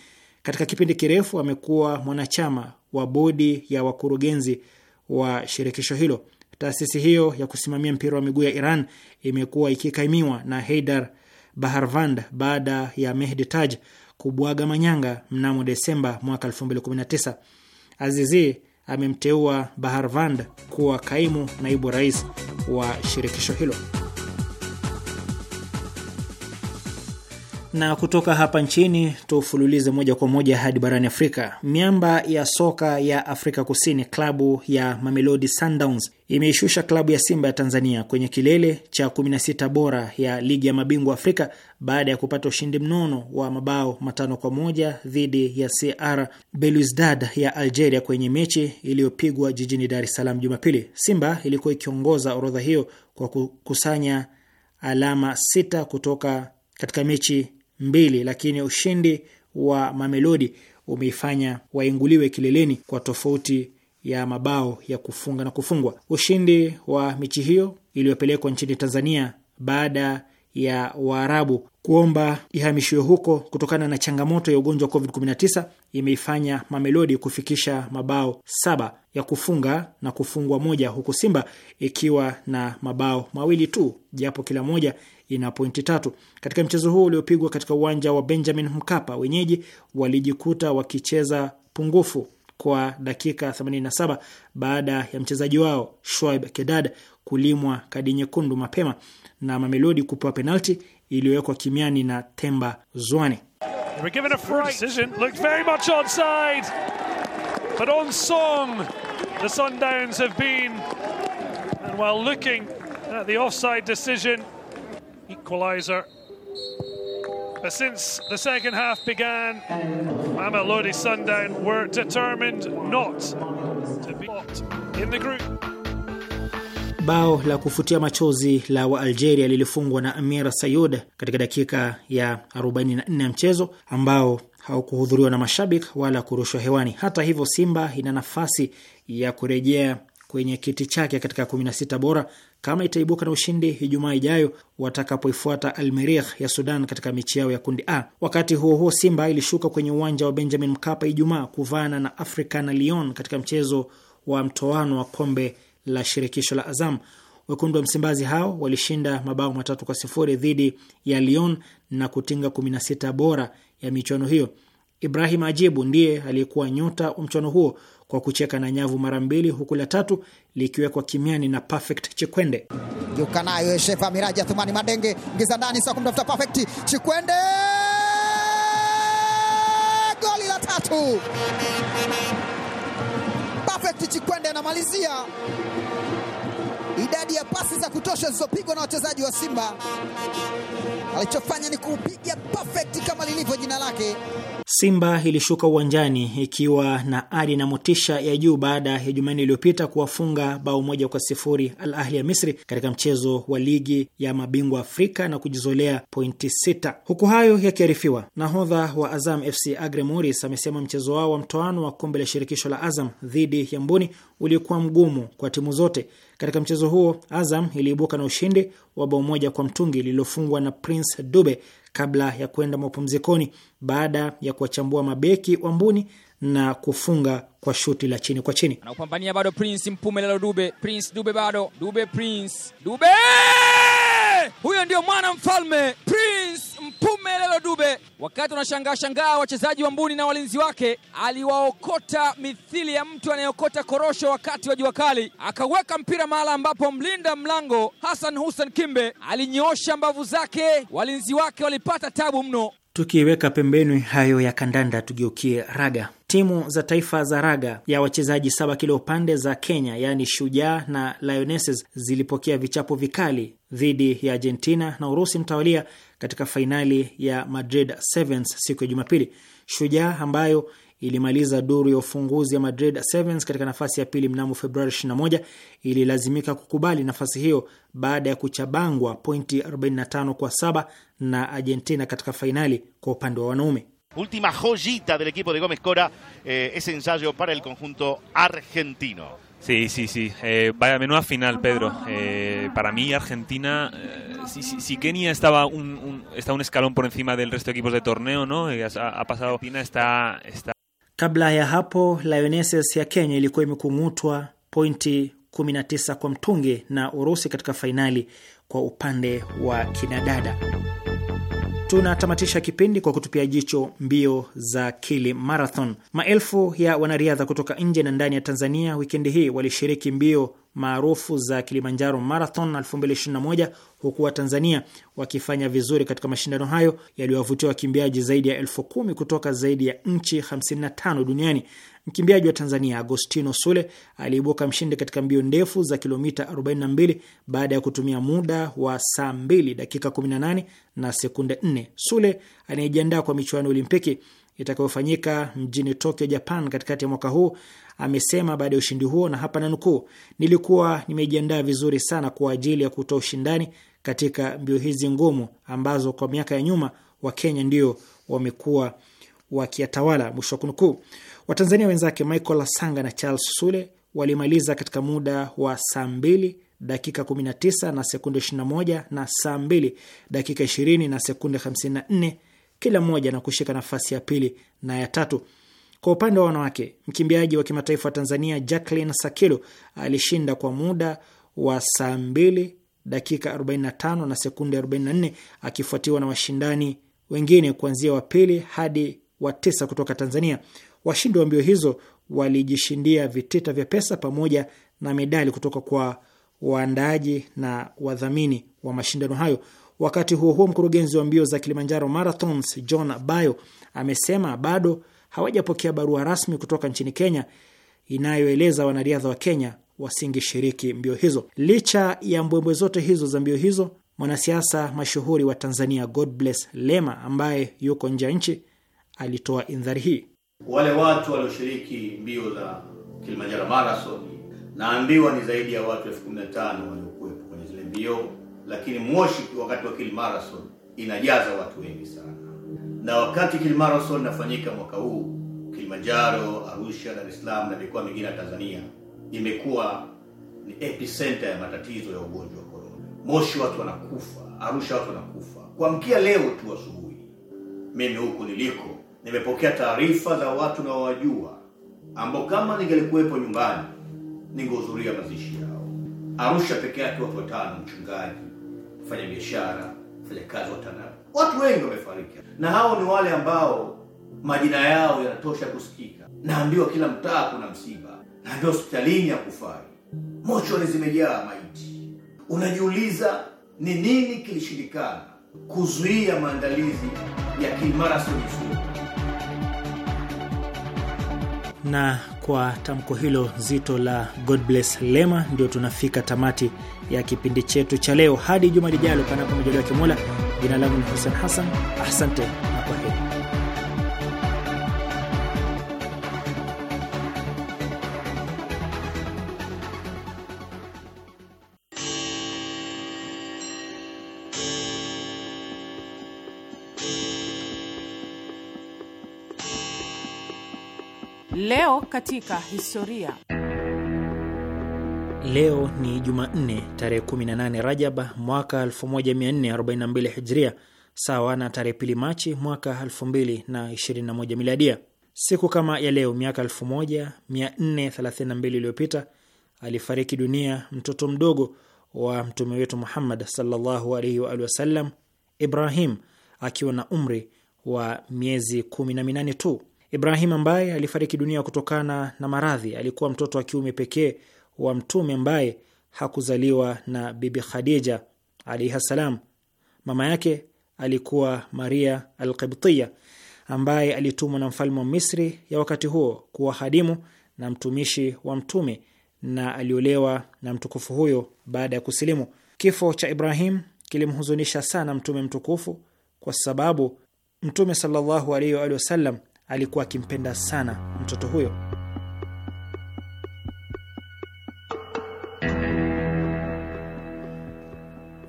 Katika kipindi kirefu amekuwa mwanachama wa bodi ya wakurugenzi wa shirikisho hilo. Taasisi hiyo ya kusimamia mpira wa miguu ya Iran imekuwa ikikaimiwa na Heidar Baharvand baada ya Mehdi Taj kubwaga manyanga mnamo Desemba mwaka 2019. Azizi amemteua Baharvand kuwa kaimu naibu rais wa shirikisho hilo. Na kutoka hapa nchini tufululize moja kwa moja hadi barani Afrika. Miamba ya soka ya Afrika Kusini, klabu ya Mamelodi Sundowns imeishusha klabu ya Simba ya Tanzania kwenye kilele cha 16 bora ya ligi ya mabingwa Afrika baada ya kupata ushindi mnono wa mabao matano kwa moja dhidi ya CR Belouizdad ya Algeria kwenye mechi iliyopigwa jijini Dar es Salaam Jumapili. Simba ilikuwa ikiongoza orodha hiyo kwa kukusanya alama sita kutoka katika mechi mbili, lakini ushindi wa Mamelodi umeifanya wainguliwe kileleni kwa tofauti ya mabao ya kufunga na kufungwa. Ushindi wa michi hiyo iliyopelekwa nchini Tanzania baada ya Waarabu kuomba ihamishiwe huko kutokana na changamoto ya ugonjwa wa COVID-19 imeifanya Mamelodi kufikisha mabao saba ya kufunga na kufungwa moja, huku Simba ikiwa na mabao mawili tu, japo kila moja ina pointi tatu. Katika mchezo huo uliopigwa katika uwanja wa Benjamin Mkapa, wenyeji walijikuta wakicheza pungufu kwa dakika 87 baada ya mchezaji wao Shoaib Kedad kulimwa kadi nyekundu mapema na Mamelodi kupewa penalti iliyowekwa kimiani na Temba Zwane. The Sundowns have been and while looking at the offside decision equaliser. But uh, since the second half began, Mamelodi Sundown were determined not to be caught in the group. Bao la kufutia machozi la wa Algeria lilifungwa na Amira Sayud katika dakika ya 44 ya mchezo ambao haukuhudhuriwa na mashabiki wala kurushwa hewani. Hata hivyo, Simba ina nafasi ya kurejea kwenye kiti chake katika 16 bora kama itaibuka na ushindi Ijumaa ijayo watakapoifuata Almerih ya Sudan katika mechi yao ya kundi A. Wakati huo huo, Simba ilishuka kwenye uwanja wa Benjamin Mkapa Ijumaa kuvaana na Afrika na Lyon katika mchezo wa mtoano wa kombe la shirikisho la Azam. Wekundu wa Msimbazi hao walishinda mabao matatu kwa sifuri dhidi ya Lyon na kutinga 16 bora ya michuano hiyo. Ibrahim Ajibu ndiye aliyekuwa nyota wa mchuano huo kwa kucheka na nyavu mara mbili, huku la tatu likiwekwa kimiani na Perfect Chikwende. Juka nayo Shefa Miraji Athumani Madenge ngiza ndani sa kumtafuta Perfect Chikwende, goli la tatu. Perfect Chikwende anamalizia idadi ya pasi za kutosha zilizopigwa na wachezaji wa Simba. Alichofanya ni kupiga perfect kama lilivyo jina lake. Simba ilishuka uwanjani ikiwa na ari na motisha ya juu baada ya Jumanne iliyopita kuwafunga bao moja kwa sifuri Al Ahli ya Misri katika mchezo wa ligi ya mabingwa Afrika na kujizolea pointi sita. Huku hayo yakiarifiwa, nahodha wa Azam FC Agre Moris amesema mchezo wao wa mtoano wa kombe la shirikisho la Azam dhidi ya Mbuni uliokuwa mgumu kwa timu zote katika mchezo huo Azam iliibuka na ushindi wa bao moja kwa mtungi lililofungwa na Prince Dube kabla ya kwenda mapumzikoni baada ya kuwachambua mabeki wa mbuni na kufunga kwa shuti la chini kwa chini. Anaupambania bado Prince lalo Dube, Prince Dube bado Dube, Prince Dube, huyo ndio mwana mfalme Prince Pumelelo Dube, wakati wanashangaa shangaa wachezaji wa Mbuni na walinzi wake, aliwaokota mithili ya mtu anayeokota korosho wakati wa jua kali, akaweka mpira mahala ambapo mlinda mlango Hassan Hussein Kimbe alinyoosha mbavu zake. Walinzi wake walipata tabu mno. Tukiweka pembeni hayo ya kandanda, tugeukie raga. Timu za taifa za raga ya wachezaji saba kila upande za Kenya, yaani Shujaa na Lionesses zilipokea vichapo vikali dhidi ya Argentina na Urusi mtawalia katika fainali ya Madrid Sevens siku ya Jumapili. Shujaa ambayo ilimaliza duru ya ufunguzi ya Madrid Sevens katika nafasi ya pili mnamo Februari 21 ililazimika kukubali nafasi hiyo baada ya kuchabangwa pointi 45 kwa saba na Argentina katika fainali kwa upande wa wanaume. Última joyita del equipo de Gómez Cora, eh, ese ensayo para el conjunto argentino. Sí, sí, sí. Eh, vaya menuda final, Pedro. Eh, para mí, Argentina, eh, si, si, Kenia estaba un, está un escalón por encima del resto de equipos de torneo, ¿no? Eh, ha, ha pasado. Argentina está, está. Kabla ya hapo Lionesses ya Kenya ilikuwa imekung'utwa pointi 19 kwa mtungi na Urusi katika fainali kwa upande wa kinadada. Tunatamatisha kipindi kwa kutupia jicho mbio za Kili Marathon. Maelfu ya wanariadha kutoka nje na ndani ya Tanzania wikendi hii walishiriki mbio maarufu za Kilimanjaro Marathon 2021 huku Watanzania wakifanya vizuri katika mashindano hayo yaliyowavutia wakimbiaji zaidi ya elfu kumi kutoka zaidi ya nchi 55 duniani. Mkimbiaji wa Tanzania Agostino Sule aliibuka mshindi katika mbio ndefu za kilomita 42 baada ya kutumia muda wa saa 2 dakika 18 na sekunde 4. Sule anayejiandaa kwa michuano ya Olimpiki itakayofanyika mjini Tokyo, Japan, katikati ya mwaka huu amesema baada ya ushindi huo, na hapa nukuu, nilikuwa nimejiandaa vizuri sana kwa ajili ya kutoa ushindani katika mbio hizi ngumu ambazo kwa miaka ya nyuma Wakenya ndio wamekuwa wakiyatawala, mwisho wa kunukuu. Watanzania wenzake Michael Sanga na Charles Sule walimaliza katika muda wa saa 2 dakika 19 na sekunde 21 na saa 2 dakika 20 na sekunde 54 kila mmoja na kushika nafasi ya pili na ya tatu. Kwa upande wa wanawake, mkimbiaji wa kimataifa wa Tanzania Jacqueline Sakilo alishinda kwa muda wa saa 2 dakika 45 na sekunde 44 akifuatiwa na washindani wengine kuanzia wa pili hadi wa tisa kutoka Tanzania. Washindi wa mbio hizo walijishindia vitita vya pesa pamoja na medali kutoka kwa waandaaji na wadhamini wa mashindano hayo. Wakati huo huo, mkurugenzi wa mbio za Kilimanjaro Marathons John Bayo amesema bado hawajapokea barua rasmi kutoka nchini Kenya inayoeleza wanariadha wa Kenya wasingeshiriki mbio hizo. Licha ya mbwembwe zote hizo za mbio hizo, mwanasiasa mashuhuri wa Tanzania Godbless Lema ambaye yuko nje ya nchi alitoa indhari hii. Wale watu walioshiriki mbio za Kilimanjaro Marathon naambiwa ni zaidi ya watu elfu kumi na tano waliokuwepo kwenye zile mbio, lakini Moshi wakati wa Kilimarathon inajaza watu wengi sana, na wakati Kilimarathon inafanyika mwaka huu Kilimanjaro, Arusha, Dar es Salaam na mikoa mingine ya Tanzania imekuwa ni epicenter ya matatizo ya ugonjwa wa corona. Moshi watu wanakufa, Arusha watu wanakufa. Kuamkia leo tu asubuhi, mimi huku niliko nimepokea taarifa za watu na wajua ambao kama ningelikuwepo nyumbani ningehudhuria mazishi yao. Arusha peke yake watu watano, mchungaji, mfanya biashara, mfanyakazi wa TANAPA, watu wengi wamefariki, na hao ni wale ambao majina yao yanatosha kusikika. Naambiwa kila mtaa kuna msiba, naambiwa hospitalini ya kufai, mochoni zimejaa maiti. Unajiuliza ni nini kilishindikana kuzuia maandalizi ya kimarathoni na kwa tamko hilo zito la God bless Lema, ndio tunafika tamati ya kipindi chetu cha leo. Hadi juma lijalo, panapo majaliwa Kimola. Jina langu ni Hussein Hassan, asante na kwaheri. Leo katika historia. Leo ni Jumanne tarehe 18 Rajaba mwaka 1442 Hijria, sawa na tarehe pili Machi mwaka 2021 Miladia. Siku kama ya leo miaka 1432 iliyopita alifariki dunia mtoto mdogo wa mtume wetu Muhammad sallallahu alaihi wa Ibrahim akiwa na umri wa miezi 18 tu. Ibrahim ambaye alifariki dunia kutokana na maradhi alikuwa mtoto wa kiume pekee wa mtume ambaye hakuzaliwa na Bibi Khadija alaihi salam. Mama yake alikuwa Maria alkibtiya ambaye alitumwa na mfalme wa Misri ya wakati huo kuwa hadimu na mtumishi wa mtume na aliolewa na mtukufu huyo baada ya kusilimu. Kifo cha Ibrahim kilimhuzunisha sana mtume mtukufu, kwa sababu mtume sallallahu alaihi wa alihi wasallam alikuwa akimpenda sana mtoto huyo.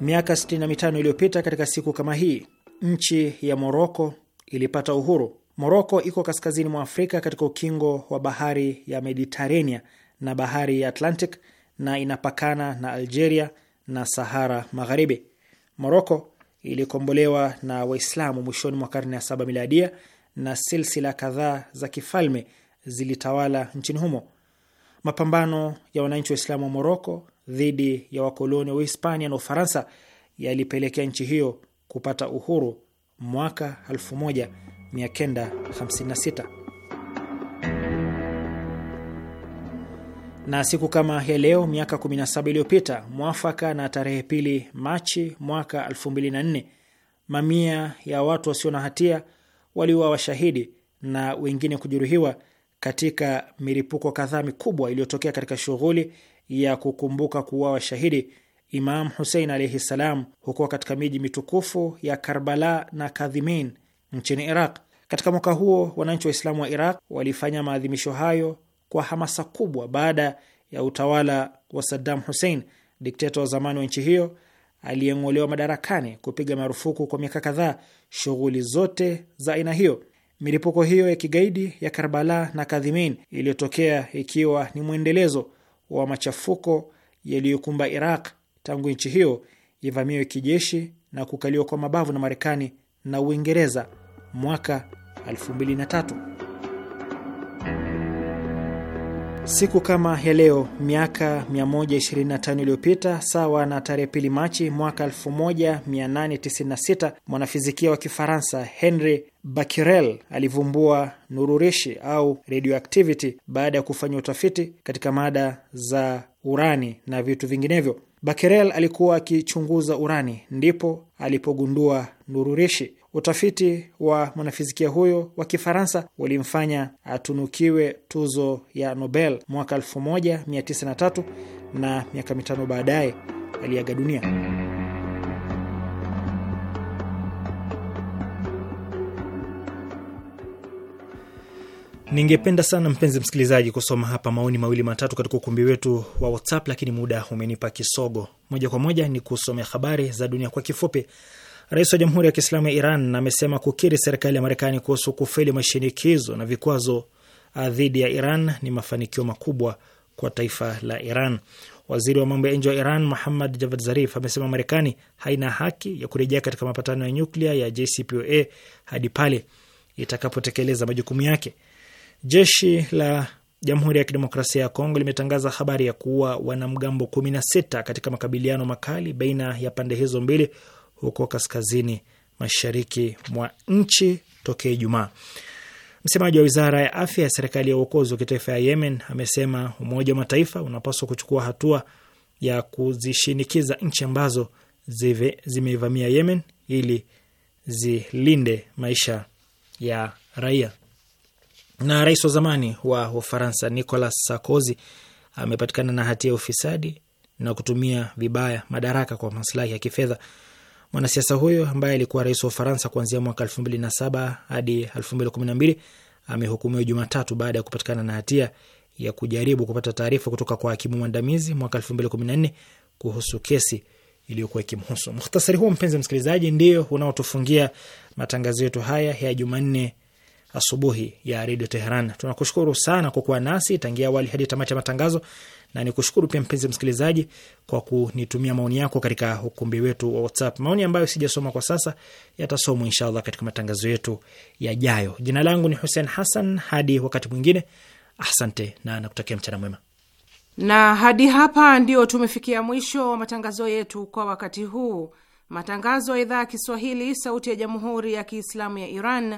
Miaka 65 iliyopita katika siku kama hii, nchi ya Moroko ilipata uhuru. Moroko iko kaskazini mwa Afrika katika ukingo wa bahari ya Mediterania na bahari ya Atlantic na inapakana na Algeria na Sahara Magharibi. Moroko ilikombolewa na Waislamu mwishoni mwa karne ya saba miladia na silsila kadhaa za kifalme zilitawala nchini humo. Mapambano ya wananchi wa Islamu wa Moroko dhidi ya wakoloni wa Uhispania na Ufaransa yalipelekea nchi hiyo kupata uhuru mwaka 1956. Na siku kama ya leo miaka 17 iliyopita, mwafaka na tarehe pili Machi mwaka 2004, mamia ya watu wasio na hatia waliuawa washahidi na wengine kujeruhiwa katika milipuko kadhaa mikubwa iliyotokea katika shughuli ya kukumbuka kuuawa washahidi Imam Husein alaihi ssalam huko katika miji mitukufu ya Karbala na Kadhimin nchini Iraq. Katika mwaka huo wananchi Islamu wa Iraq walifanya maadhimisho hayo kwa hamasa kubwa baada ya utawala wa Saddam Hussein, dikteta wa zamani wa nchi hiyo, aliyeng'olewa madarakani kupiga marufuku kwa miaka kadhaa shughuli zote za aina hiyo. Milipuko hiyo ya kigaidi ya Karbala na Kadhimin iliyotokea ikiwa ni mwendelezo wa machafuko yaliyokumba Iraq tangu nchi hiyo ivamiwe kijeshi na kukaliwa kwa mabavu na Marekani na Uingereza mwaka 2003. Siku kama ya leo miaka 125 iliyopita, sawa na tarehe pili Machi mwaka 1896, mwanafizikia wa Kifaransa Henry Becquerel alivumbua nururishi au radioactivity baada ya kufanya utafiti katika mada za urani na vitu vinginevyo. Becquerel alikuwa akichunguza urani ndipo alipogundua nururishi. Utafiti wa mwanafizikia huyo wa Kifaransa ulimfanya atunukiwe tuzo ya Nobel mwaka 1903 na miaka mitano baadaye aliaga dunia. Ningependa sana mpenzi msikilizaji, kusoma hapa maoni mawili matatu katika ukumbi wetu wa WhatsApp, lakini muda umenipa kisogo. Moja kwa moja ni kusomea habari za dunia kwa kifupi. Rais wa Jamhuri ya Kiislamu ya Iran amesema kukiri serikali ya Marekani kuhusu kufeli mashinikizo na vikwazo ah, dhidi ya Iran ni mafanikio makubwa kwa taifa la Iran. Waziri wa mambo ya nje wa Iran Muhammad Javad Zarif amesema Marekani haina haki ya kurejea katika mapatano ya nyuklia ya JCPOA hadi pale itakapotekeleza majukumu yake. Jeshi la Jamhuri ya Kidemokrasia ya Kongo limetangaza habari ya kuua wanamgambo 16 katika makabiliano makali baina ya pande hizo mbili huko kaskazini mashariki mwa nchi tokea Ijumaa. Msemaji wa wizara ya afya ya serikali ya uokozi wa kitaifa ya Yemen amesema Umoja wa Mataifa unapaswa kuchukua hatua ya kuzishinikiza nchi ambazo zimeivamia Yemen ili zilinde maisha ya raia. Na rais wa zamani wa Ufaransa Nicolas Sarkozy amepatikana na hatia ya ufisadi na kutumia vibaya madaraka kwa maslahi ya kifedha. Mwanasiasa huyo ambaye alikuwa rais wa Ufaransa kuanzia mwaka 2007 hadi 2012 amehukumiwa Jumatatu baada ya kupatikana na hatia ya kujaribu kupata taarifa kutoka kwa hakimu mwandamizi mwaka 2014 kuhusu kesi iliyokuwa ikimhusu. Mukhtasari huo, mpenzi msikilizaji, ndio unaotufungia matangazo yetu haya ya Jumanne asubuhi ya Redio Teheran. Tunakushukuru sana kwa kuwa nasi tangia awali hadi tamati ya matangazo, na nikushukuru pia mpenzi msikilizaji kwa kunitumia maoni yako katika ukumbi wetu wa WhatsApp, maoni ambayo sijasoma kwa sasa yatasomwa inshallah katika matangazo yetu yajayo. Jina langu ni Hussein Hassan, hadi wakati mwingine, asante na nakutakia mchana mwema. Na hadi hapa ndio tumefikia mwisho wa matangazo yetu kwa wakati huu. Matangazo ya idhaa ya Kiswahili, sauti ya jamhuri ya kiislamu ya Iran